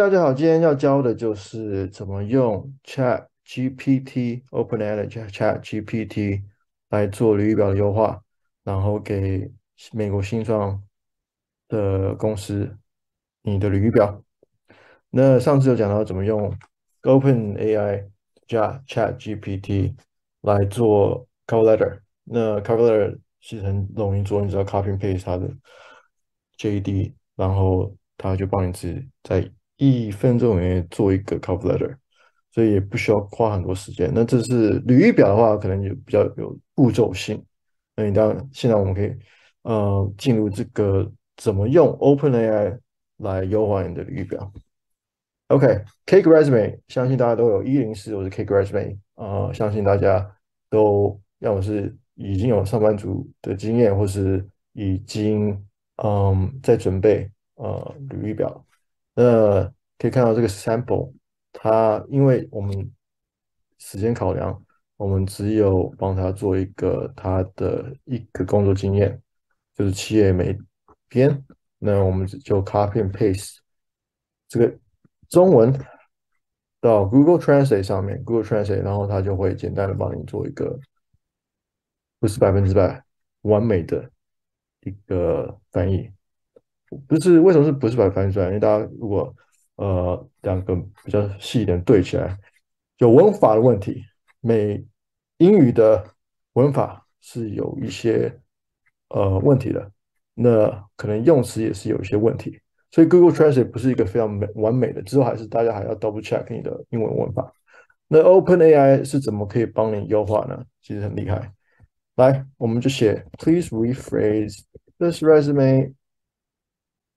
大家好，今天要教的就是怎麼用 Chat GPT、OpenAI 的 Chat GPT 來做履歷表的優化，然後給美國新創的公司你的履歷表。那上次有講到怎麼用 Open AI 加 Chat GPT 來做 Cover Letter，那 Cover Letter 是很容易做，你知道 copy paste 它的 JD，然後他就幫你自己在一分鐘也做一個 cover letter，所以也不需要花很多時間。那這是履歷表的話，可能就比較有步驟性。那你當然現在我們可以呃進入這個怎麼用 OpenAI 來優化你的履歷表。OK，Cake Resume，相信大家都有一零四，4，我是 Cake Resume，呃，相信大家都要麼是已經有上班族的經驗，或是已經嗯在準備呃履歷表。那可以看到這個 sample，它因為我們時間考量，我們只有幫他做一個他的一個工作經驗，就是企業每天，那我們就 copy paste 這個中文到 Google Translate 上面，Google Translate，然後它就會簡單的幫你做一個，不是百分之百完美的一個翻譯。不是，為什麼是不是把它翻譯出來？因為大家如果呃兩個比較細一點對起來，有文法的問題，美英語的文法是有一些呃問題的，那可能用詞也是有一些問題，所以 Google Translate 不是一個非常美完美的，之後還是大家還要 double check 你的英文文法。那 Open AI 是怎麼可以幫你優化呢？其實很厲害，來我們就寫 Please rephrase this resume。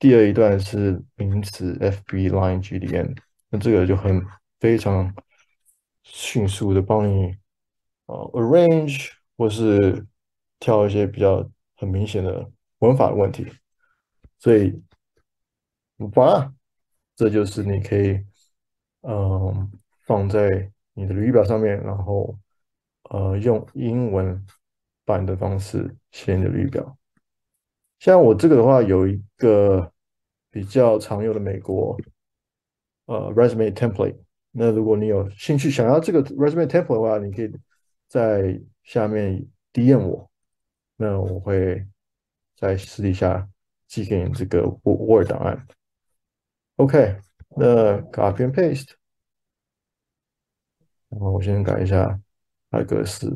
第二一段是名詞 FB line GDN 那這個就很非常迅速的幫你呃 arrange 或是挑一些比較很明顯的文法的問題，所以五八這就是你可以嗯、呃、放在你的履歷表上面，然後呃用英文版的方式寫你的履歷表。像我這個的話，有一個比較常用的美國呃、uh, resume template。那如果你有興趣想要這個 resume template 的話，你可以在下面 DM 我，那我會在私底下寄給你這個 Word 檔案。OK，那 Copy and Paste，然後我先改一下它的格式。